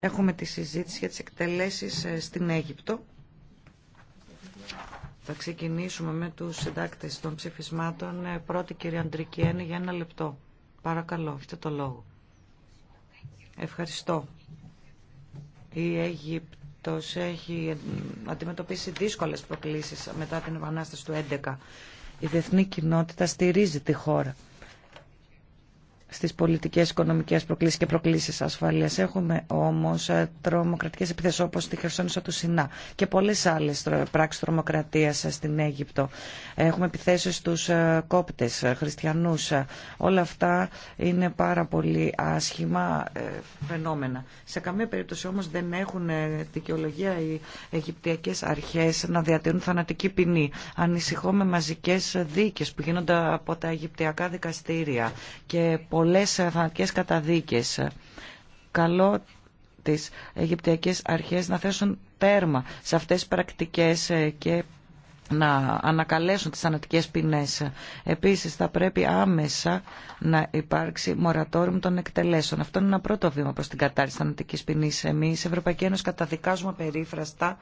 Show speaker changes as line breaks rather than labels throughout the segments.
Έχουμε τη συζήτηση για τις εκτελέσεις ε, στην Αίγυπτο. Θα ξεκινήσουμε με τους συντάκτες των ψηφισμάτων. Ε, πρώτη κυρία Αντρικιένη για ένα λεπτό. Παρακαλώ, έχετε το λόγο. Ευχαριστώ. Η Αίγυπτος έχει ε, αντιμετωπίσει δύσκολες προκλήσεις μετά την επανάσταση του 11. Η διεθνή κοινότητα στηρίζει τη χώρα στις πολιτικές οικονομικές προκλήσεις και προκλήσεις ασφαλείας. Έχουμε όμως ε, τρομοκρατικές επιθέσεις όπως στη Χερσόνησο του Σινά και πολλές άλλες πράξεις τρομοκρατίας ε, στην Αίγυπτο. Έχουμε επιθέσεις στους ε, κόπτες, χριστιανούς. Όλα αυτά είναι πάρα πολύ άσχημα φαινόμενα. Σε καμία περίπτωση όμως δεν έχουν δικαιολογία οι Αιγυπτιακές αρχές να διατηρούν θανατική ποινή. Ανησυχώ με μαζικές δίκες που γίνονται από τα Αιγυπτιακά δικαστήρια και πολλές θανατικές καταδίκες. Καλό τις Αιγυπτιακές αρχές να θέσουν τέρμα σε αυτές τις πρακτικές ε, και να ανακαλέσουν τις θανατικές ποινές. Επίσης θα πρέπει άμεσα να υπάρξει μορατόριο των εκτελέσεων. Αυτό είναι ένα πρώτο βήμα προς την κατάρτιση θανατικής ποινής. Εμείς, Ευρωπαϊκή Ένωση, καταδικάζουμε περίφραστα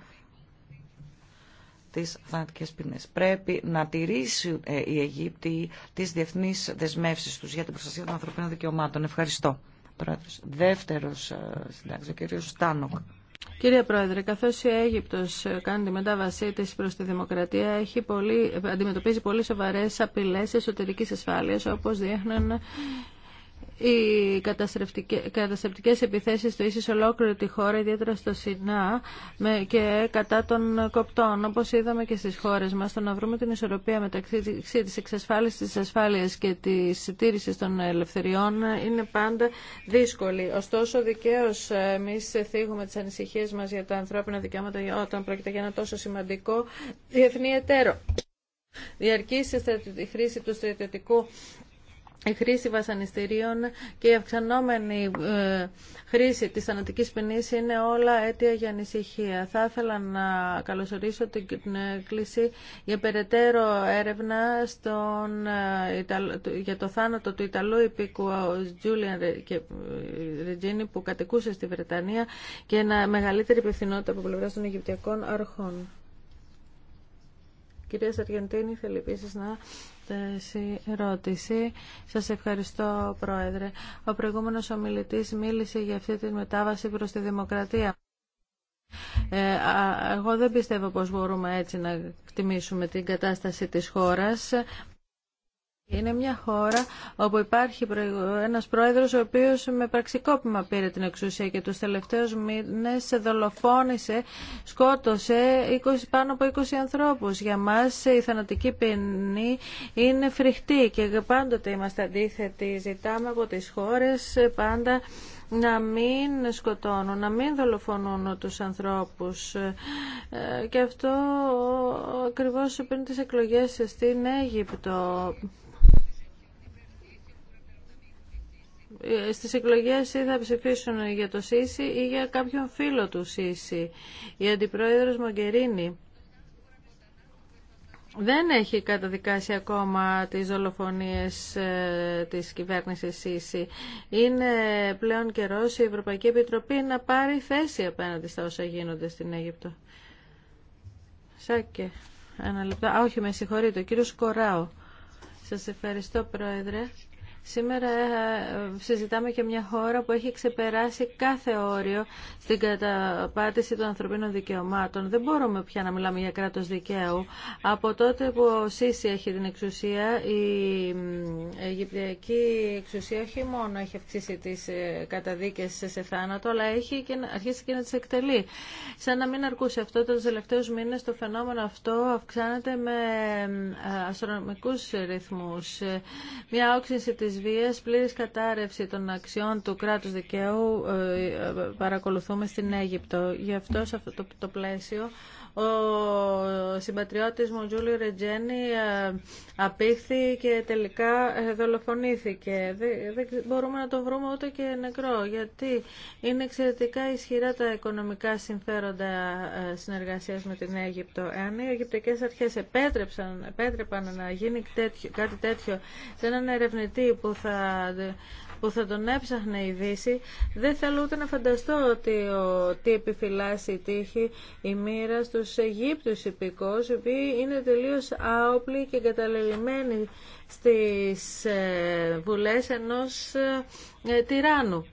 τις θανατικές ποινές. Πρέπει να τηρήσουν ε, η Αιγύπτιοι τις διεθνείς δεσμεύσεις τους για την προστασία των ανθρωπίνων δικαιωμάτων. Ευχαριστώ. Δεύτερο, Δεύτερος ε, ο κύριος Στάνοκ.
Κύριε Πρόεδρε, καθώ η Αίγυπτο ε, κάνει τη μετάβασή τη προ τη δημοκρατία, έχει πολύ, αντιμετωπίζει πολύ σοβαρέ απειλέ εσωτερική ασφάλεια, όπω δείχνουν οι καταστρεπτικές επιθέσεις στο ίσως ολόκληρη τη χώρα, ιδιαίτερα στο Σινά και κατά των κοπτών, όπως είδαμε και στις χώρες μας, το να βρούμε την ισορροπία μεταξύ της εξασφάλισης της ασφάλειας και της τήρηση των ελευθεριών είναι πάντα δύσκολη. Ωστόσο, δικαίως εμείς θίγουμε τις ανησυχίες μας για τα ανθρώπινα δικαιώματα όταν πρόκειται για ένα τόσο σημαντικό διεθνή εταίρο. Διαρκή η χρήση του στρατιωτικού η χρήση βασανιστήριων και η αυξανόμενη ε, χρήση της θανατικής ποινής είναι όλα αίτια για ανησυχία. Θα ήθελα να καλωσορίσω την κλίση για περαιτέρω έρευνα στον, ε, για το θάνατο του Ιταλού υπήκου Τζούλιαν ε, Ρετζίνη που κατοικούσε στη Βρετανία και ένα μεγαλύτερη υπευθυνότητα από πλευρά των Αιγυπτιακών αρχών. Κυρία Σαργεντίνη, θέλει να Σα ερώτηση. Σας ευχαριστώ, Πρόεδρε. Ο προηγούμενος ομιλητής μίλησε για αυτή τη μετάβαση προς τη δημοκρατία. Ε, εγώ δεν πιστεύω πως μπορούμε έτσι να εκτιμήσουμε την κατάσταση της χώρας. Είναι μια χώρα όπου υπάρχει ένας πρόεδρος ο οποίος με πραξικόπημα πήρε την εξουσία και τους τελευταίους μήνες δολοφόνησε, σκότωσε 20, πάνω από 20 ανθρώπους. Για μας η θανατική ποινή είναι φρικτή και πάντοτε είμαστε αντίθετοι. Ζητάμε από τις χώρες πάντα να μην σκοτώνουν, να μην δολοφονούν τους ανθρώπους. Ε, και αυτό ακριβώς πριν τις εκλογές στην Αίγυπτο Ε, στις εκλογές ή θα ψηφίσουν για το ΣΥΣΥ Η Αντιπρόεδρος Μογκερίνη δεν έχει καταδικάσει ακόμα τις δολοφονίες ε, της κυβέρνησης Σίση. ΣΥΣΥ. η Ευρωπαϊκή κυβερνησης ΣΥΣΥ. ειναι πλεον καιρος η ευρωπαικη επιτροπη να πάρει θέση απέναντι στα όσα γίνονται στην Αίγυπτο. Σάκε, ένα Α, όχι, με συγχωρείτε, ο κύριος Σας ευχαριστώ, Πρόεδρε. Σήμερα ε, συζητάμε και μια χώρα που έχει ξεπεράσει κάθε όριο στην καταπάτηση των ανθρωπίνων δικαιωμάτων. Δεν μπορούμε πια να μιλάμε για κράτος δικαίου. Από τότε που ο Σίση έχει την εξουσία, η Αιγυπτιακή εξουσία όχι μόνο έχει αυξήσει τις ε, καταδίκες σε θάνατο, αλλά έχει και αρχίσει και να τις εκτελεί. Σαν να μην αρκούσε αυτό, τους τελευταίους μήνες το φαινόμενο αυτό αυξάνεται με ε, αστρονομικούς ρυθμούς. Μια όξυνση της πλήρης κατάρρευση των αξιών του κράτους δικαίου ε, ε, παρακολουθούμε στην Αίγυπτο. Γι' αυτό σε αυτό το πλαίσιο ο συμπατριώτης μου Τζούλιο Ρετζένι ε, απήχθη και τελικά ε, δολοφονήθηκε. Δεν μπορούμε να το βρούμε ούτε και νεκρό, γιατί είναι εξαιρετικά ισχυρά τα οικονομικά συμφέροντα ε, συνεργασίας με την Αίγυπτο. Εάν οι Αιγυπτικές αρχές επέτρεψαν, επέτρεπαν να γίνει κάτι τέτοιο σε έναν ερευνητή που θα που θα τον έψαχνε η Δύση, δεν θέλω ούτε να φανταστώ ότι ο, τι επιφυλάσσει η τύχη η μοίρα στου Αιγύπτου υπηκό, οι οποίοι είναι τελείω άοπλοι και εγκαταλελειμμένοι στις ε, βουλές ενός ε, τυράννου.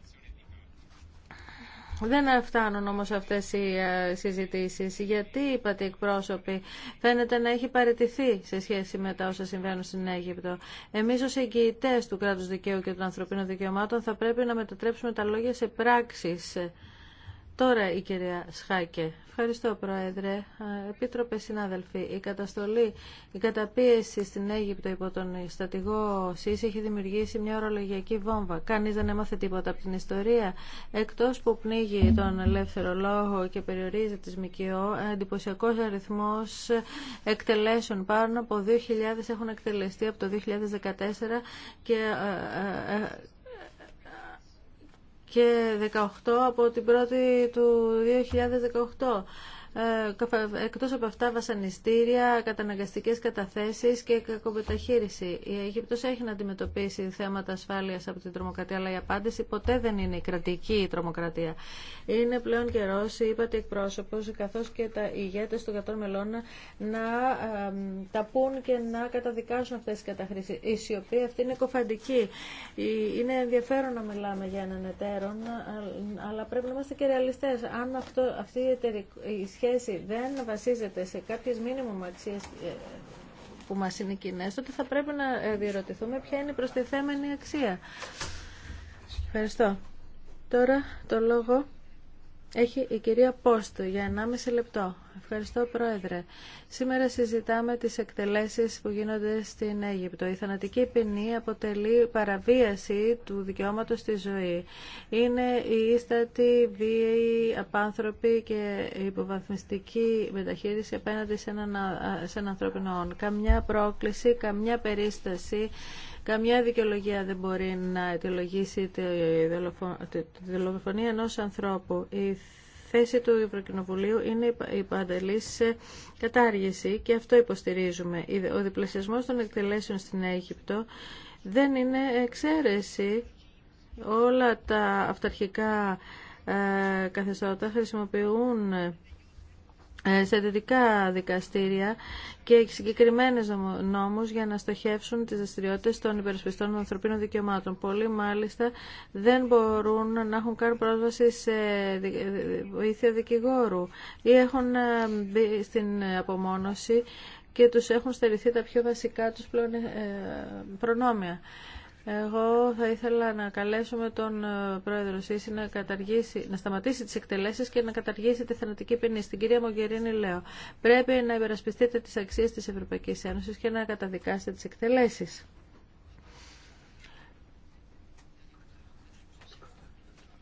Δεν φτάνουν όμως αυτές οι ε, συζητήσεις, γιατί είπατε εκπρόσωποι φαίνεται να έχει παραιτηθεί σε σχέση με τα όσα συμβαίνουν στην Αίγυπτο. Εμείς ως εγγυητές του κράτους δικαίου και των ανθρωπίνων δικαιωμάτων θα πρέπει να μετατρέψουμε τα λόγια σε πράξεις. Τώρα η κυρία Σχάκε. Ευχαριστώ Πρόεδρε. Επίτροπε συνάδελφοι, η καταστολή, η καταπίεση στην Αίγυπτο υπό τον στατηγό ΣΥΣ έχει δημιουργήσει μια ορολογιακή βόμβα. Κανεί δεν έμαθε τίποτα από την ιστορία. Εκτό που πνίγει τον ελεύθερο λόγο και περιορίζει τις ΜΚΟ, ε, εντυπωσιακό αριθμό εκτελέσεων. Πάνω από 2.000 έχουν εκτελεστεί από το 2014 και ε, ε, και 18 από την 1η του 2018 εκτός από αυτά βασανιστήρια, καταναγκαστικές καταθέσεις και κακομεταχείριση. Η Αίγυπτος έχει να αντιμετωπίσει θέματα ασφάλειας από την τρομοκρατία, αλλά η απάντηση ποτέ δεν είναι η κρατική η τρομοκρατία. Είναι πλέον καιρό, είπατε εκπρόσωπος, καθώς και τα ηγέτες των κατών μελών να τα πούν και να καταδικάσουν αυτές τις καταχρήσεις. Η σιωπή αυτή είναι κοφαντική. Είναι ενδιαφέρον να μιλάμε για έναν εταίρο, αλλά πρέπει να είμαστε και ρεαλιστές. Αν αυτό, αυτή η σχέση δεν βασίζεται σε κάποιες μήνυμα αξίες ε, που μας είναι κοινέ, τότε θα πρέπει να ε, διερωτηθούμε ποια είναι η προστιθέμενη αξία. Ευχαριστώ. Τώρα το λόγο έχει η κυρία Πόστο για 1,5 λεπτό. Ευχαριστώ Πρόεδρε. Σήμερα συζητάμε τις εκτελέσεις που γίνονται στην Αίγυπτο. Η θανατική ποινή αποτελεί παραβίαση του δικαιώματος στη ζωή. Είναι η ίστατη, βίαιη, απάνθρωπη και υποβαθμιστική μεταχείριση απέναντι σε έναν, σε ανθρώπινο Καμιά πρόκληση, καμιά περίσταση Καμιά δικαιολογία δεν μπορεί να αιτιολογήσει τη δολοφονία ενός ανθρώπου. Η θέση του Ευρωκοινοβουλίου είναι η σε κατάργηση και αυτό υποστηρίζουμε. Ο διπλασιασμός των εκτελέσεων στην Αίγυπτο δεν είναι εξαίρεση όλα τα αυταρχικά ε, καθεστώτα χρησιμοποιούν ε, σε δυτικά δικαστήρια και συγκεκριμένες νόμους για να στοχεύσουν τις δραστηριότητε των υπερασπιστών των ανθρωπίνων δικαιωμάτων. Πολλοί μάλιστα δεν μπορούν να έχουν καν πρόσβαση σε ε, βοήθεια δικηγόρου ή έχουν ε, μπει στην απομόνωση και τους έχουν στερηθεί τα πιο βασικά τους προνόμια. Εγώ θα ήθελα να καλέσουμε τον ε, πρόεδρο Σίση να, καταργήσει, να σταματήσει τις εκτελέσεις και να καταργήσει τη θανατική ποινή. Στην κυρία Μογκερίνη λέω, πρέπει να υπερασπιστείτε τις αξίες της Ευρωπαϊκής Ένωσης και να καταδικάσετε τις εκτελέσεις.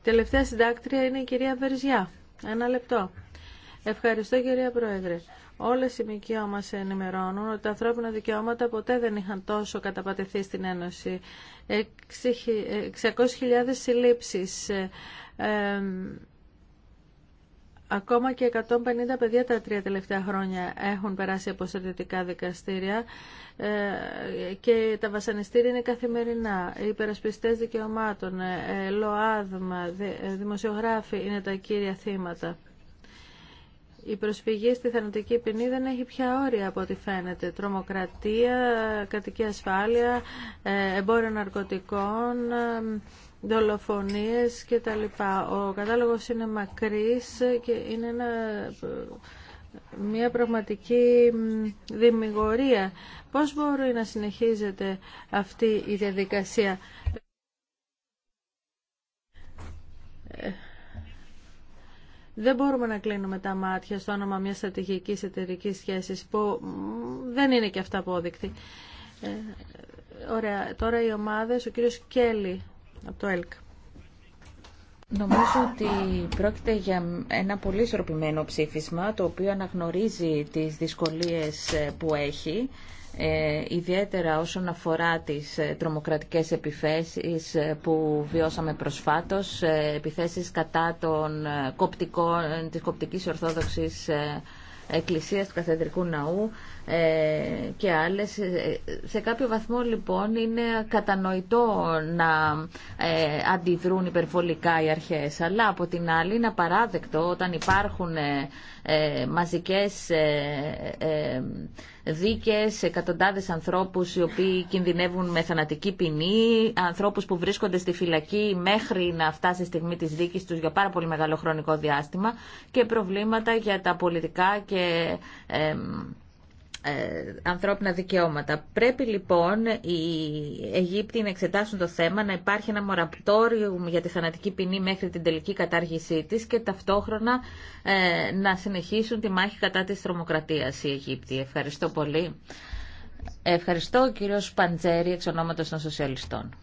Τελευταία συντάκτρια είναι η κυρία Βερζιά. Ένα λεπτό. Ευχαριστώ κυρία Πρόεδρε. Όλες οι ΜΚΟ μας ενημερώνουν ότι τα ανθρώπινα δικαιώματα ποτέ δεν είχαν τόσο καταπατηθεί στην Ένωση. 600.000 συλλήψεις, ε, ακόμα και 150 παιδιά τα τρία τελευταία χρόνια έχουν περάσει από στρατιωτικά δικαστήρια ε, και τα βασανιστήρια είναι καθημερινά. Οι υπερασπιστές δικαιωμάτων, ε, ΛΟΑΔΜΑ, δημοσιογράφοι είναι τα κύρια θύματα. Η προσφυγή στη θανατική ποινή δεν έχει πια όρια από ό,τι φαίνεται. Τρομοκρατία, κατοικία ασφάλεια, ε, εμπόριο ναρκωτικών, ε, δολοφονίες κτλ. Ο κατάλογος είναι μακρύς και είναι μια πραγματική δημιουργία. Πώς μπορεί να συνεχίζεται αυτή η διαδικασία. Ε, δεν μπορούμε να κλείνουμε τα μάτια στο όνομα μιας στρατηγικής εταιρικής σχέσης που δεν είναι και αυτά απόδεικτη. Ε, ωραία, τώρα οι ομάδες, ο κύριο
Κέλλη από το ΕΛΚ. Νομίζω ότι πρόκειται για ένα πολύ ισορροπημένο ψήφισμα το οποίο αναγνωρίζει τις δυσκολίες ε, που έχει ε, ιδιαίτερα όσον αφορά τις ε, τρομοκρατικές επιθέσεις ε, που βιώσαμε προσφάτως, επιθέσεις κατά των κόπτικο της κοπτικής ορθόδοξης Εκκλησίας του Καθεδρικού Ναού και άλλες. Σε κάποιο βαθμό λοιπόν είναι κατανοητό να αντιδρούν υπερβολικά οι αρχές, αλλά από την άλλη είναι απαράδεκτο όταν υπάρχουν ε, μαζικές ε, ε, δίκες, εκατοντάδες ανθρώπους οι οποίοι κινδυνεύουν με θανατική ποινή, ανθρώπους που βρίσκονται στη φυλακή μέχρι να φτάσει η στιγμή της δίκης τους για πάρα πολύ μεγάλο χρονικό διάστημα και προβλήματα για τα πολιτικά και ε, ανθρώπινα δικαιώματα. Πρέπει λοιπόν οι Αιγύπτιοι να εξετάσουν το θέμα, να υπάρχει ένα μοραπτόριο για τη θανατική ποινή μέχρι την τελική κατάργησή της και ταυτόχρονα ε, να συνεχίσουν τη μάχη κατά της τρομοκρατίας οι Αιγύπτιοι. Ευχαριστώ πολύ. Ευχαριστώ κύριος Παντζέρη εξ ονόματος των Σοσιαλιστών.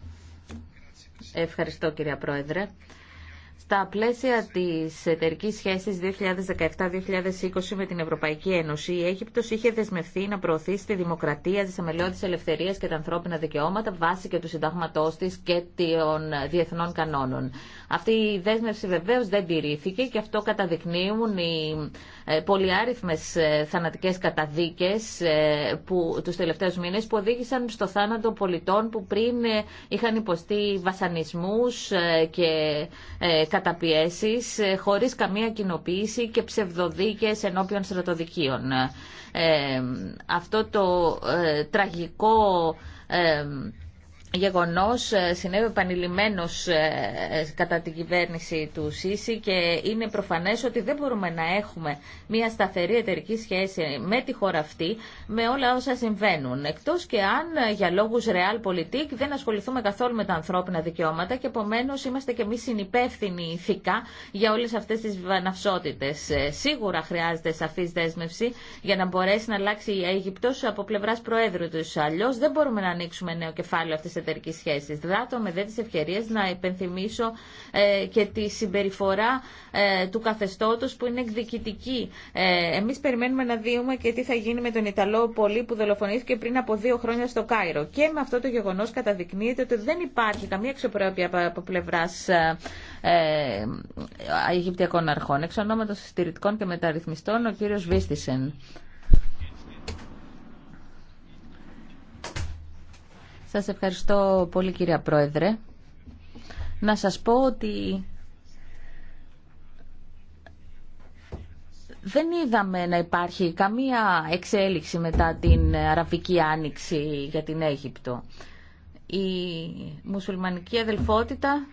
Ευχαριστώ κυρία Πρόεδρε. Στα πλαίσια της εταιρικής σχέσης 2017-2020 με την Ευρωπαϊκή Ένωση, η Αίγυπτος είχε δεσμευθεί να προωθήσει τη δημοκρατία, τις αμελιώδεις ελευθερίες και τα ανθρώπινα δικαιώματα βάσει και του συντάγματός της και των διεθνών κανόνων. Αυτή η δέσμευση βεβαίως δεν τηρήθηκε και αυτό καταδεικνύουν οι ε, πολυάριθμες ε, θανατικές καταδίκες ε, που, τους τελευταίους μήνες που οδήγησαν στο θάνατο πολιτών που πριν είχαν υποστεί βασανισμούς και Χωρί ε, χωρίς καμία κοινοποίηση και ψευδοδίκε ενώπιον στρατοδικείων. Ε, αυτό το ε, τραγικό ε, γεγονός ε, συνέβη επανειλημμένος ε, κατά την κυβέρνηση του ΣΥΣΥ και είναι προφανές ότι δεν μπορούμε να έχουμε μια σταθερή εταιρική σχέση με τη χώρα αυτή με όλα όσα συμβαίνουν. Εκτός και αν ε, για λόγους realpolitik δεν ασχοληθούμε καθόλου με τα ανθρώπινα δικαιώματα και επομένω είμαστε και εμείς συνυπεύθυνοι ηθικά για όλες αυτές τις βαναυσότητες. Σίγουρα χρειάζεται σαφής δέσμευση για να μπορέσει να αλλάξει η Αίγυπτος από πλευράς Προέδρου του. Αλλιώς δεν μπορούμε να ανοίξουμε νέο κεφάλαιο αυτής εταιρική σχέση. Δράτω με δε τι ευκαιρίε να υπενθυμίσω ε, και τη συμπεριφορά ε, του καθεστώτο που είναι εκδικητική. Ε, Εμεί περιμένουμε να δούμε και τι θα γίνει με τον Ιταλό πολύ που δολοφονήθηκε πριν από δύο χρόνια στο Κάιρο. Και με αυτό το γεγονό καταδεικνύεται ότι δεν υπάρχει καμία αξιοπρέπεια από πλευρά Αιγυπτιακών αρχών. Εξ ονόματο συστηρητικών και μεταρρυθμιστών, ο κύριο Βίστησεν. Σας ευχαριστώ πολύ κυρία Πρόεδρε. Να σας πω ότι δεν είδαμε να υπάρχει καμία εξέλιξη μετά την Αραβική Άνοιξη για την Αίγυπτο. Η μουσουλμανική αδελφότητα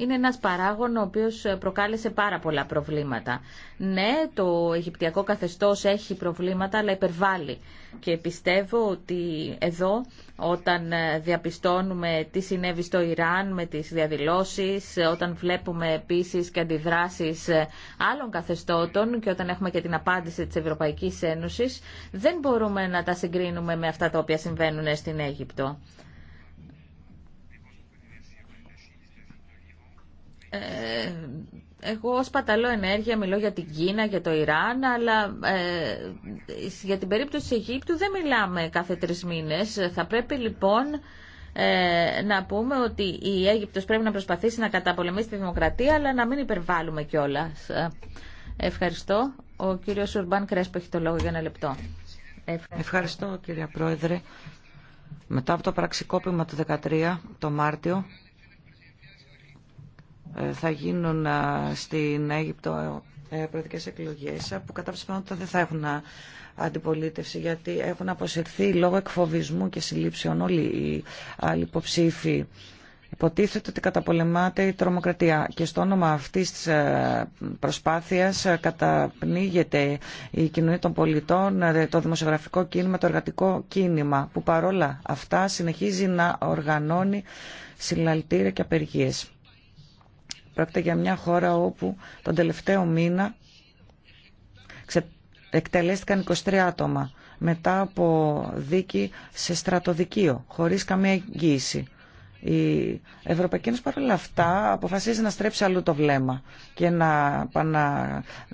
είναι ένας παράγων ο οποίος προκάλεσε πάρα πολλά προβλήματα. Ναι, το Αιγυπτιακό καθεστώς έχει προβλήματα, αλλά υπερβάλλει. Και πιστεύω ότι εδώ, όταν διαπιστώνουμε τι συνέβη στο Ιράν με τις διαδηλώσεις, όταν βλέπουμε επίσης και αντιδράσεις άλλων καθεστώτων και όταν έχουμε και την απάντηση της Ευρωπαϊκής Ένωσης, δεν μπορούμε να τα συγκρίνουμε με αυτά τα οποία συμβαίνουν στην Αίγυπτο. Ε, εγώ σπαταλώ ενέργεια, μιλώ για την Κίνα, για το Ιράν, αλλά ε, για την περίπτωση της Αιγύπτου δεν μιλάμε κάθε τρεις μήνες. Θα πρέπει λοιπόν ε, να πούμε ότι η Αίγυπτος πρέπει να προσπαθήσει να καταπολεμήσει τη δημοκρατία, αλλά να μην υπερβάλλουμε κιόλα. Ε, ευχαριστώ. Ο κύριος Ουρμπάν Κρέσπο έχει το λόγο για ένα λεπτό.
Ευχαριστώ, Ευχαριστώ κύριε Πρόεδρε. Μετά από το πραξικόπημα του 13, το Μάρτιο, ε, θα γίνουν στην Αίγυπτο ε, ε, προεδρικές εκλογές που κατά ότι δεν θα έχουν αντιπολίτευση γιατί έχουν αποσυρθεί λόγω εκφοβισμού και συλλήψεων όλοι οι άλλοι υποψήφοι. Υποτίθεται ότι καταπολεμάται η τρομοκρατία και στο όνομα αυτής της προσπάθειας καταπνίγεται η κοινωνία των πολιτών, το δημοσιογραφικό κίνημα, το εργατικό κίνημα που παρόλα αυτά συνεχίζει να οργανώνει συλλαλτήρια και απεργίες. Πρόκειται για μια χώρα όπου τον τελευταίο μήνα εκτελέστηκαν 23 άτομα μετά από δίκη σε στρατοδικείο, χωρίς καμία εγγύηση. Η Ευρωπαϊκή Ένωση παρόλα αυτά αποφασίζει να στρέψει αλλού το βλέμμα και να, να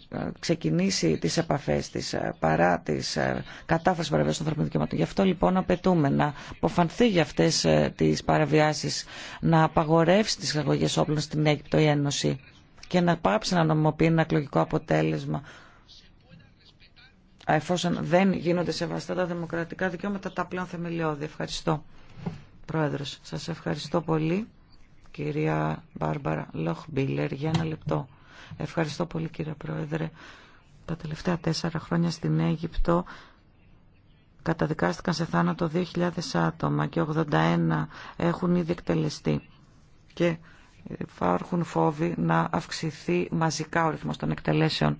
ε, ξεκινήσει τις επαφές της ε, παρά τις ε, κατάφρασης παραβιάσεις των ανθρωπίνων δικαιωμάτων. Γι' αυτό λοιπόν απαιτούμε να αποφανθεί για αυτές τις παραβιάσεις, να απαγορεύσει τις εισαγωγές όπλων στην Αίγυπτο η Ένωση και να πάψει να νομιμοποιεί ένα εκλογικό αποτέλεσμα εφόσον δεν γίνονται σεβαστά τα δημοκρατικά δικαιώματα τα πλέον θεμελιώδη. Ευχαριστώ. Πρόεδρος, σας ευχαριστώ πολύ, κυρία Μπάρμπαρα Λοχμπίλερ, για ένα λεπτό. Ευχαριστώ πολύ, κύριε Πρόεδρε. Τα τελευταία τέσσερα χρόνια στην Αίγυπτο καταδικάστηκαν σε θάνατο 2.000 άτομα και 81 έχουν ήδη εκτελεστεί. Και υπάρχουν φόβοι να αυξηθεί μαζικά ο ρυθμός των εκτελέσεων.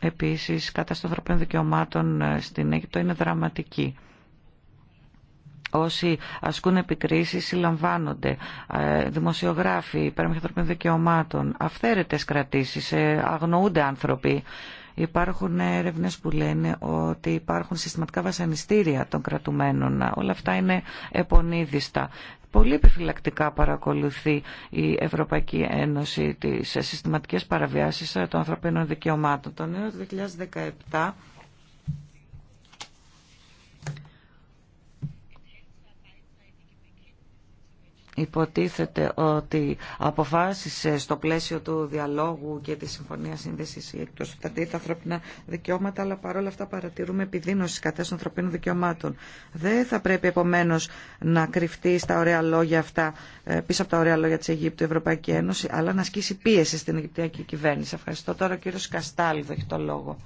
Επίσης, η κατάσταση των δικαιωμάτων ε, στην Αίγυπτο είναι δραματική. Όσοι ασκούν επικρίσεις συλλαμβάνονται. Ε, δημοσιογράφοι, υπέρμαχοι δικαιωμάτων, αυθαίρετες κρατήσεις, ε, αγνοούνται άνθρωποι. Υπάρχουν έρευνε που λένε ότι υπάρχουν συστηματικά βασανιστήρια των κρατουμένων. Όλα αυτά είναι επονίδιστα. Πολύ επιφυλακτικά παρακολουθεί η Ευρωπαϊκή Ένωση τις συστηματικές παραβιάσεις των ανθρωπίνων δικαιωμάτων. Τον 2017 υποτίθεται ότι αποφάσισε στο πλαίσιο του διαλόγου και της συμφωνίας σύνδεσης εκτός τα ανθρώπινα δικαιώματα, αλλά παρόλα αυτά παρατηρούμε επιδείνωση κατά των ανθρωπίνων δικαιωμάτων. Δεν θα πρέπει επομένως να κρυφτεί στα ωραία λόγια αυτά, ε, πίσω από τα ωραία λόγια της Αιγύπτου, η Ευρωπαϊκή Ένωση, αλλά να ασκήσει πίεση στην Αιγυπτιακή κυβέρνηση. Ευχαριστώ τώρα ο κύριος Καστάλδο έχει το λόγο.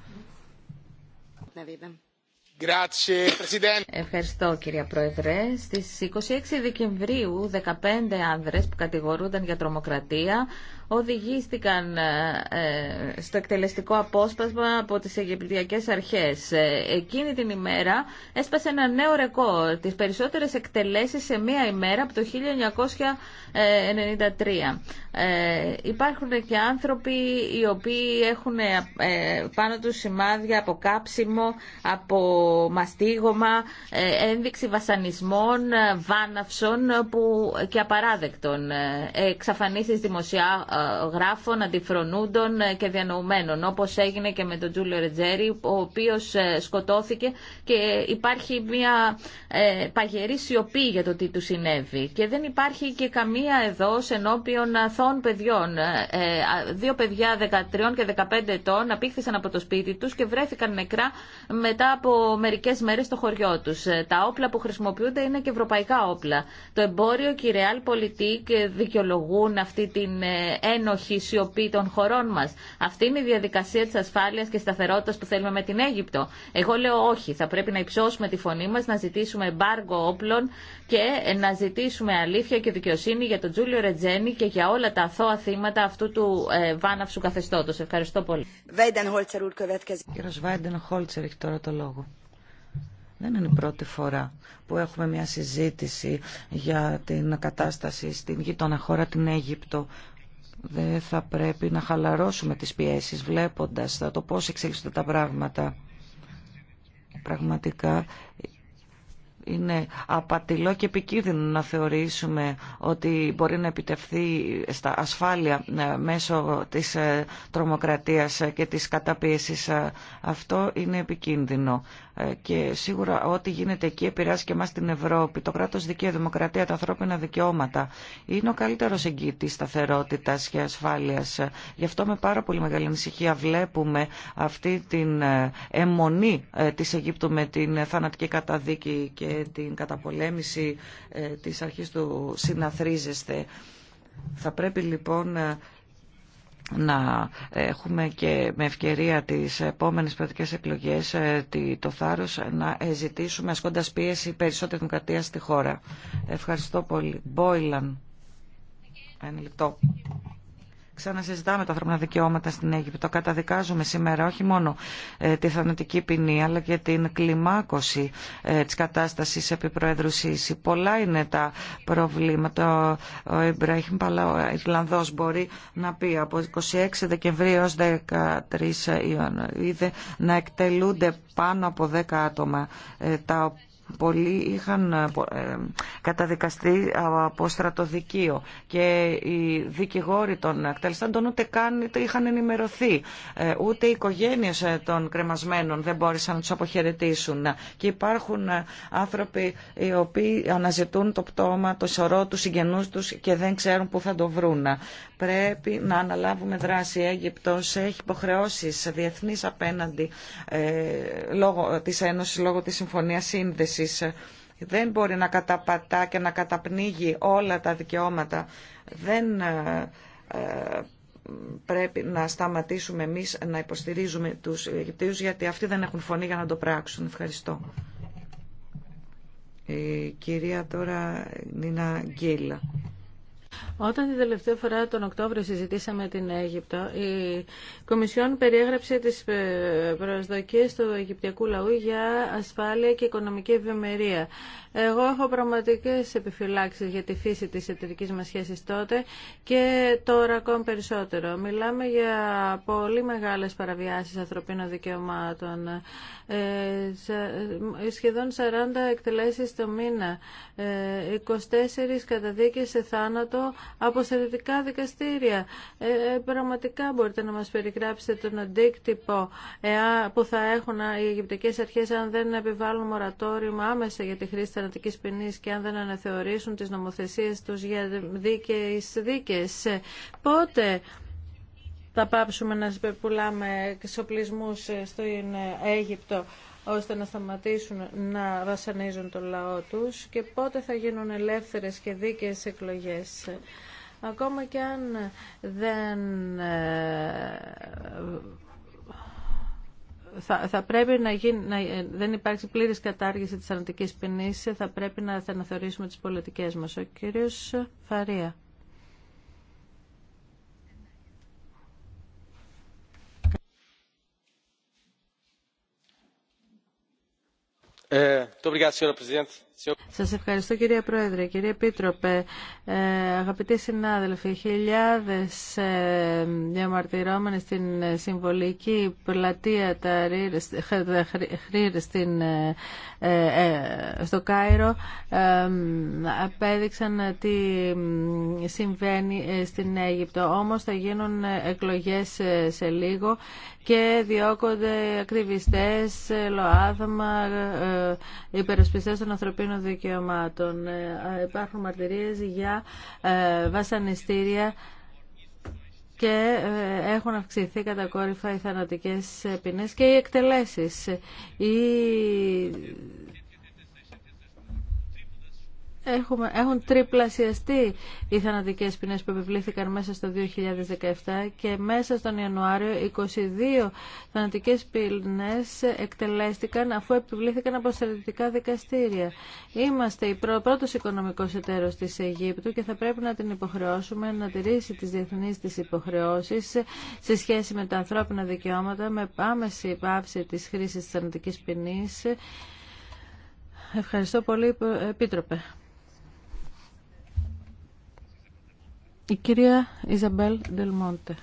Ευχαριστώ κυρία Πρόεδρε. Στις 26 Δεκεμβρίου
15 άνδρες που κατηγορούνταν για τρομοκρατία οδηγήστηκαν ε, ε, στο εκτελεστικό απόσπασμα από τις Αιγυπτιακές Αρχές. Ε, εκείνη την ημέρα έσπασε ένα νέο ρεκόρ, τις περισσότερες εκτελέσεις σε μία ημέρα από το 1993. Υπάρχουν και άνθρωποι οι οποίοι έχουν πάνω τους σημάδια από κάψιμο, από μαστίγωμα, ένδειξη βασανισμών, βάναυσων που και απαράδεκτων, εξαφανίσεις δημοσιά γράφων, αντιφρονούντων και διανοουμένων, όπως έγινε και με τον Τζούλιο Ρετζέρι, ο οποίος ε, σκοτώθηκε και υπάρχει μια ε, παγερή σιωπή για το τι του συνέβη. Και δεν υπάρχει και καμία εδώ ενώπιον αθώων παιδιών. Ε, δύο παιδιά 13 και 15 ετών απήχθησαν από το σπίτι τους και βρέθηκαν νεκρά μετά από μερικές μέρες στο χωριό τους. Τα όπλα που χρησιμοποιούνται είναι και ευρωπαϊκά όπλα. Το εμπόριο και η Real Politik δικαιολογούν αυτή την ένοχη σιωπή των χωρών μα. Αυτή είναι η διαδικασία τη ασφάλεια και σταθερότητα που θέλουμε με την Αίγυπτο. Εγώ λέω όχι, θα πρέπει να υψώσουμε τη φωνή μα να ζητήσουμε εμπάργκο όπλων και να ζητήσουμε αλήθεια και δικαιοσύνη για τον Τζούλιο Ρετζένη και για όλα τα αθώα θύματα αυτού του ε, βάναυσου καθεστώτος. Ευχαριστώ πολύ.
Κύριος Βάιντεν Χόλτσερ έχει τώρα το λόγο. Δεν είναι η πρώτη φορά που έχουμε μια συζήτηση για την κατάσταση στην γειτόνα χώρα, την Αίγυπτο δεν θα πρέπει να χαλαρώσουμε τις πιέσεις βλέποντας το πώς εξελίσσονται τα πράγματα. Πραγματικά είναι απατηλό και επικίνδυνο να θεωρήσουμε ότι μπορεί να επιτευχθεί στα ασφάλεια ε, μέσω της ε, τρομοκρατίας και της καταπίεσης. Ε, αυτό είναι επικίνδυνο και σίγουρα ό,τι γίνεται εκεί επηρεάζει και εμάς την Ευρώπη. Το κράτος δικαίου, δημοκρατία, τα ανθρώπινα δικαιώματα είναι ο καλύτερος εγγύτης σταθερότητας και ασφάλειας. Γι' αυτό με πάρα πολύ μεγάλη ανησυχία βλέπουμε αυτή την αιμονή της Αιγύπτου με την θανατική καταδίκη την καταπολέμηση ε, της αρχής του συναθρίζεστε. Θα πρέπει λοιπόν ε, να έχουμε και με ευκαιρία τις επόμενες πρωτικές εκλογές ε, το θάρρος να ζητήσουμε ασκώντας πίεση περισσότερη δημοκρατία στη χώρα. Ευχαριστώ πολύ. Μπόιλαν. Ένα λεπτό. Ξανασυζητάμε τα ανθρώπινα δικαιώματα στην Αίγυπτο. Καταδικάζουμε σήμερα όχι μόνο ε, τη θανατική ποινή, αλλά και την κλιμάκωση ε, της κατάστασης επί Προέδρου Πολλά είναι τα προβλήματα. Ο Ιμπραχήμ ο Ιρλανδός, μπορεί να πει από 26 Δεκεμβρίου έως 13 Ιανουαρίου να εκτελούνται πάνω από 10 άτομα, ε, τα Πολλοί είχαν ε, ε, καταδικαστεί από στρατοδικείο και οι δικηγόροι των εκτελεστάντων ούτε καν είχαν ενημερωθεί. Ε, ούτε οι οικογένειες των κρεμασμένων δεν μπόρεσαν να τους αποχαιρετήσουν. Και υπάρχουν άνθρωποι οι οποίοι αναζητούν το πτώμα, το σωρό του συγγενούς τους και δεν ξέρουν πού θα το βρουν. Πρέπει να αναλάβουμε δράση. Η Αίγυπτος έχει υποχρεώσεις διεθνεί απέναντι ε, λόγω της Ένωσης, λόγω της Συμφωνίας σύνδεση δεν μπορεί να καταπατά και να καταπνίγει όλα τα δικαιώματα. Δεν ε, ε, πρέπει να σταματήσουμε εμείς να υποστηρίζουμε τους Αιγυπτίους γιατί αυτοί δεν έχουν φωνή για να το πράξουν. Ευχαριστώ. Η κυρία τώρα Νίνα Γκίλα.
Όταν την τελευταία φορά τον Οκτώβριο συζητήσαμε την Αίγυπτο, η Κομισιόν περιέγραψε τις ε, προσδοκίες του Αιγυπτιακού λαού για ασφάλεια και οικονομική ευημερία. Εγώ έχω πραγματικές επιφυλάξεις για τη φύση της εταιρικής μας σχέσης τότε και τώρα ακόμη περισσότερο. Μιλάμε για πολύ μεγάλες παραβιάσεις ανθρωπίνων δικαιωμάτων, ε, ε, σχεδόν 40 εκτελέσεις το μήνα, 24 καταδίκες σε θάνατο, από στρατιωτικά δικαστήρια. Ε, ε, πραγματικά μπορείτε να μας περιγράψετε τον αντίκτυπο ε, που θα έχουν οι Αιγυπτικές αρχές αν δεν επιβάλλουν μορατόριο άμεσα για τη χρήση θανατικής ποινής και αν δεν αναθεωρήσουν τις νομοθεσίες τους για δίκαιες δίκες. Πότε θα πάψουμε να πουλάμε εξοπλισμούς ε, στο Αίγυπτο ώστε να σταματήσουν να βασανίζουν τον λαό τους και πότε θα γίνουν ελεύθερες και δίκαιες εκλογές. Ακόμα και αν δεν ε, θα, πρέπει να, γίνει, ε, δεν υπάρξει πλήρης κατάργηση της ανατικής ποινής, θα πρέπει να αναθεωρήσουμε τις πολιτικές μας. Ο κύριος Φαρία.
senhor presidente
σας ευχαριστώ κυρία Πρόεδρε, κύριε Επίτροπε, ε, αγαπητοί συνάδελφοι, χιλιάδες ε, διαμαρτυρώμενοι στην ε, συμβολική πλατεία τα Χρήρ ε, στο Κάιρο απέδειξαν τι συμβαίνει στην Αίγυπτο. Όμως θα γίνουν εκλογές σε λίγο και διώκονται ακτιβιστές, ΛΟΑΔΜΑ, υπερασπιστές των ανθρωπίνων ε, υπάρχουν μαρτυρίες για ε, βασανιστήρια και ε, έχουν αυξηθεί κατακόρυφα οι θανατικές ποινές και οι εκτελέσεις. Έχουμε, έχουν τριπλασιαστεί οι θανατικές ποινές που επιβλήθηκαν μέσα στο 2017 και μέσα στον Ιανουάριο 22 θανατικές ποινές εκτελέστηκαν αφού επιβλήθηκαν από στρατιωτικά δικαστήρια. Είμαστε η πρώτος οικονομικός εταίρος της Αιγύπτου και θα πρέπει να την υποχρεώσουμε να τηρήσει τις διεθνείς της υποχρεώσεις σε σχέση με τα ανθρώπινα δικαιώματα με άμεση πάυση της χρήσης της θανατικής ποινής. Ευχαριστώ πολύ, Επίτροπε. Η κυρία Ιζαμπέλ Ντελμόντε.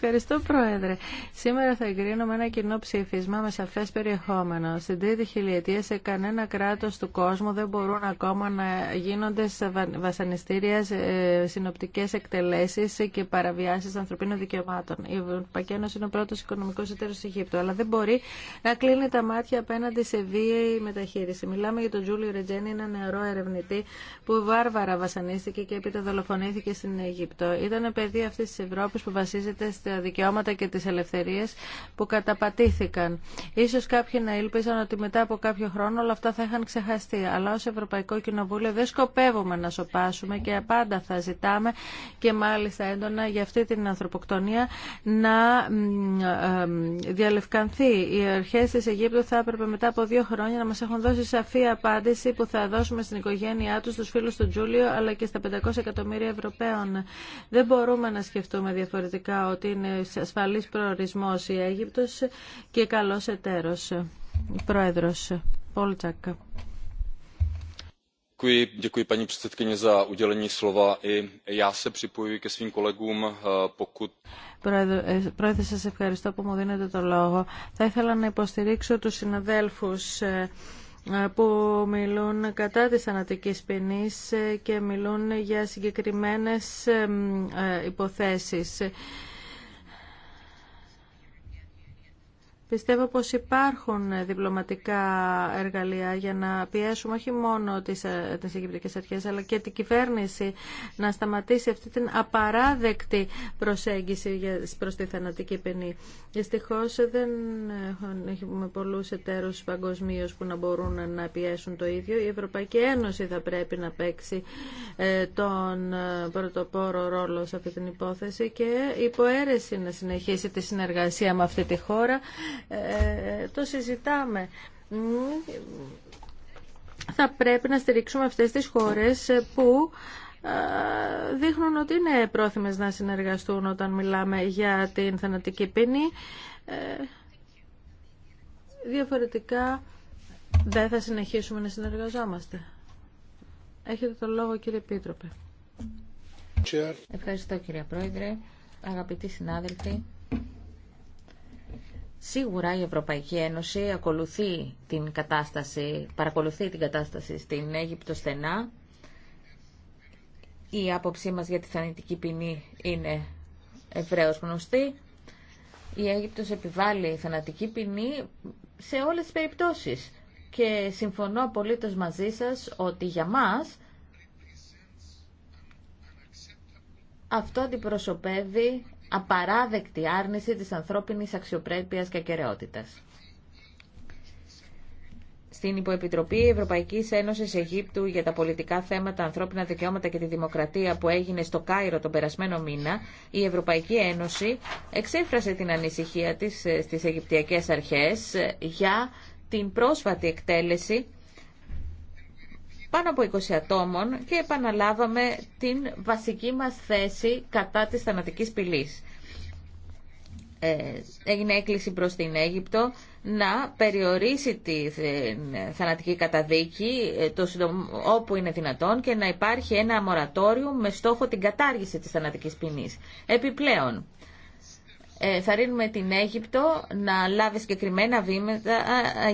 Ευχαριστώ, Πρόεδρε. Σήμερα θα εγκρίνουμε ένα κοινό ψήφισμα με σαφέ περιεχόμενο. Στην τρίτη χιλιετία, σε κανένα κράτο του κόσμου δεν μπορούν ακόμα να γίνονται βασανιστήρια, ε, συνοπτικέ εκτελέσει και παραβιάσει ανθρωπίνων δικαιωμάτων. Η Ευρωπαϊκή Ένωση είναι ο πρώτο οικονομικό εταίρο τη Αιγύπτου, αλλά δεν μπορεί να κλείνει τα μάτια απέναντι σε βίαιη μεταχείριση. Μιλάμε για τον Τζούλιο Ρετζένι, ένα νεαρό ερευνητή που βάρβαρα βασανίστηκε και έπειτα δολοφονήθηκε στην Αιγύπτο. Ήταν παιδί αυτή τη Ευρώπη που βασίζεται τα δικαιώματα και τις ελευθερίες που καταπατήθηκαν. Ίσως κάποιοι να ήλπιζαν ότι μετά από κάποιο χρόνο όλα αυτά θα είχαν ξεχαστεί. Αλλά ως Ευρωπαϊκό Κοινοβούλιο δεν σκοπεύουμε να σοπάσουμε και πάντα θα ζητάμε και μάλιστα έντονα για αυτή την ανθρωποκτονία να ε, διαλευκανθεί. Οι αρχές της Αιγύπτου θα έπρεπε μετά από δύο χρόνια να μας έχουν δώσει σαφή απάντηση που θα δώσουμε στην οικογένειά του στους φίλους του Τζούλιο αλλά και στα 500 εκατομμύρια Ευρωπαίων. Δεν μπορούμε να σκεφτούμε διαφορετικά ότι είναι ασφαλής προορισμός η Αίγυπτος και καλός εταίρος. Πρόεδρος Πολτσακ.
Děkuji paní předsedkyně za udělení slova. I já se připojuji ke svým kolegům, eh, pokud...
Πρόεδρε, ε, σα ευχαριστώ που μου δίνετε το λόγο. Θα ήθελα να υποστηρίξω του συναδέλφους ε, ε, που μιλούν κατά της θανατική ποινή και μιλούν για συγκεκριμένες υποθέσεις. Πιστεύω πως υπάρχουν διπλωματικά εργαλεία για να πιέσουμε όχι μόνο τις, τις Αιγυπτικές Αρχές αλλά και την κυβέρνηση να σταματήσει αυτή την απαράδεκτη προσέγγιση προς τη θανατική ποινή. Δυστυχώ δεν έχουμε πολλούς εταίρους παγκοσμίω που να μπορούν να πιέσουν το ίδιο. Η Ευρωπαϊκή Ένωση θα πρέπει να παίξει ε, τον ε, πρωτοπόρο ρόλο σε αυτή την υπόθεση και υποαίρεση να συνεχίσει τη συνεργασία με αυτή τη χώρα ε, το συζητάμε θα πρέπει να στηρίξουμε αυτές τις χώρες που ε, δείχνουν ότι είναι πρόθυμες να συνεργαστούν όταν μιλάμε για την θανατική πίνη. Ε, διαφορετικά δεν θα συνεχίσουμε να συνεργαζόμαστε.
Έχετε το λόγο κύριε Επίτροπε. Ευχαριστώ κύριε Πρόεδρε, αγαπητοί συνάδελφοι. Σίγουρα η Ευρωπαϊκή Ένωση ακολουθεί την κατάσταση, παρακολουθεί την κατάσταση στην Αίγυπτο στενά. Η άποψή μας για τη θανητική ποινή είναι ευρέως γνωστή. Η Αίγυπτος επιβάλλει θανατική ποινή σε όλες τις περιπτώσεις. Και συμφωνώ απολύτως μαζί σας ότι για μας αυτό αντιπροσωπεύει απαράδεκτη άρνηση της ανθρώπινης αξιοπρέπειας και ακαιρεότητας. Στην Υποεπιτροπή Ευρωπαϊκή Ένωση Αιγύπτου για τα πολιτικά θέματα, ανθρώπινα δικαιώματα και τη δημοκρατία που έγινε στο Κάιρο τον περασμένο μήνα, η Ευρωπαϊκή Ένωση εξέφρασε την ανησυχία της ε, στις Αιγυπτιακές Αρχές για την πρόσφατη εκτέλεση πάνω από 20 ατόμων και επαναλάβαμε την βασική μας θέση κατά της θανατικής πυλής. Ε, έγινε έκκληση προς την Αίγυπτο να περιορίσει τη ε, θανατική καταδίκη ε, το όπου είναι δυνατόν και να υπάρχει ένα μορατόριο με στόχο την κατάργηση της θανατικής ποινής. Επιπλέον, ε, θα ρίνουμε την Αίγυπτο να λάβει συγκεκριμένα βήματα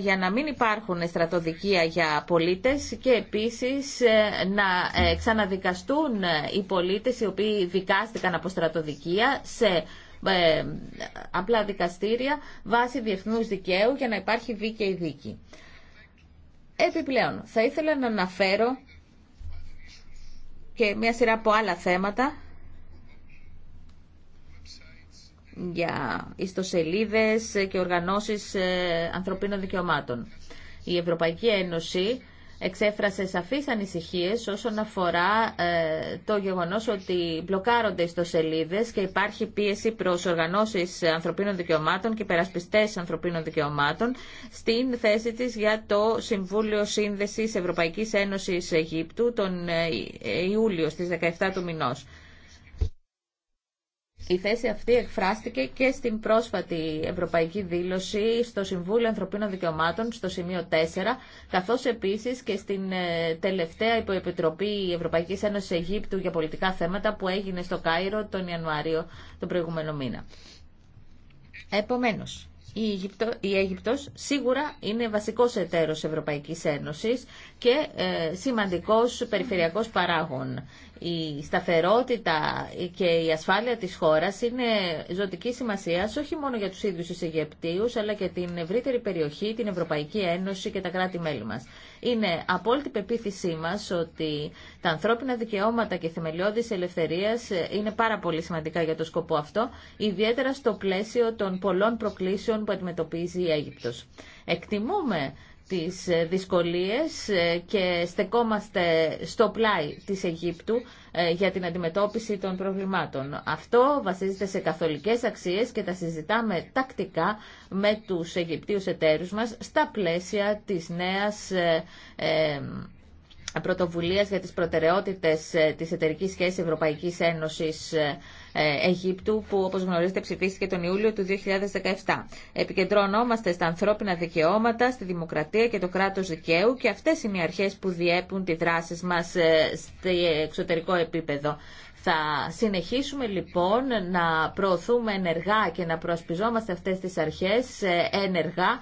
για να μην υπάρχουν στρατοδικεία για πολίτες και επίσης ε, να ε, ξαναδικαστούν οι πολίτες οι οποίοι δικάστηκαν από στρατοδικεία σε απλά δικαστήρια βάσει διεθνούς δικαίου για να υπάρχει δίκαιη δίκη. Επιπλέον, θα ήθελα να αναφέρω και μια σειρά από άλλα θέματα για ιστοσελίδες και οργανώσεις ε, ανθρωπίνων δικαιωμάτων. Η Ευρωπαϊκή Ένωση εξέφρασε σαφείς ανησυχίες όσον αφορά ε, το γεγονός ότι μπλοκάρονται ιστοσελίδες και υπάρχει πίεση προς οργανώσεις ανθρωπίνων δικαιωμάτων και περασπιστές ανθρωπίνων δικαιωμάτων στην θέση της για το Συμβούλιο Σύνδεσης Ευρωπαϊκής Ένωσης Αιγύπτου τον ε, Ιούλιο στις 17 του μηνός. Η θέση αυτή εκφράστηκε και στην πρόσφατη Ευρωπαϊκή Δήλωση στο Συμβούλιο Ανθρωπίνων Δικαιωμάτων, στο σημείο 4, καθώς επίσης και στην ε, τελευταία υποεπιτροπή Ευρωπαϊκής Ένωσης Αιγύπτου για πολιτικά θέματα που έγινε στο Κάιρο τον Ιανουάριο τον προηγούμενο μήνα. Επομένως, η, Αιγυπτο, η Αίγυπτος σίγουρα είναι βασικός εταίρος Ευρωπαϊκής Ένωσης και ε, σημαντικός περιφερειακός παράγων η σταθερότητα και η ασφάλεια της χώρας είναι ζωτική σημασία όχι μόνο για τους ίδιους τους Αιγεπτίους αλλά και την ευρύτερη περιοχή, την Ευρωπαϊκή Ένωση και τα κράτη-μέλη μας. Είναι απόλυτη πεποίθησή μας ότι τα ανθρώπινα δικαιώματα και θεμελιώδης ελευθερίας είναι πάρα πολύ σημαντικά για το σκοπό αυτό, ιδιαίτερα στο πλαίσιο των πολλών προκλήσεων που αντιμετωπίζει η Αίγυπτος. Εκτιμούμε τις ε, δυσκολίες ε, και στεκόμαστε στο πλάι της Αιγύπτου ε, για την αντιμετώπιση των προβλημάτων. Αυτό βασίζεται σε καθολικές αξίες και τα συζητάμε τακτικά με τους Αιγυπτίους εταίρους μας στα πλαίσια της νέας πρωτοβουλία για τις προτεραιότητες ε, της εταιρικής σχέσης Ευρωπαϊκής Ένωσης ε, ε, Αιγύπτου που όπως γνωρίζετε ψηφίστηκε τον Ιούλιο του 2017. Επικεντρωνόμαστε στα ανθρώπινα δικαιώματα, στη δημοκρατία και το κράτος δικαίου και αυτές είναι οι αρχές που διέπουν τη δράση μας στο εξωτερικό επίπεδο. Θα συνεχίσουμε λοιπόν να προωθούμε ενεργά και να προασπιζόμαστε αυτές τις αρχές ενεργά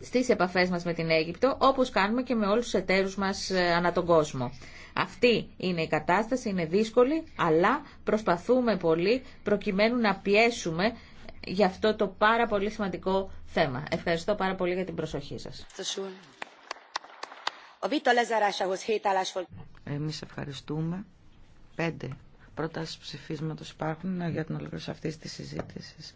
στις επαφές μας με την Αίγυπτο, όπως κάνουμε και με όλους τους εταίρους μας ε, ανά τον κόσμο. Αυτή είναι η κατάσταση, είναι δύσκολη, αλλά προσπαθούμε πολύ προκειμένου να πιέσουμε για αυτό το πάρα πολύ σημαντικό θέμα. Ευχαριστώ πάρα πολύ για την προσοχή σας.
Εμείς ευχαριστούμε. Πέντε προτάσεις ψηφίσματος υπάρχουν για την ολοκλήρωση αυτής της συζήτησης.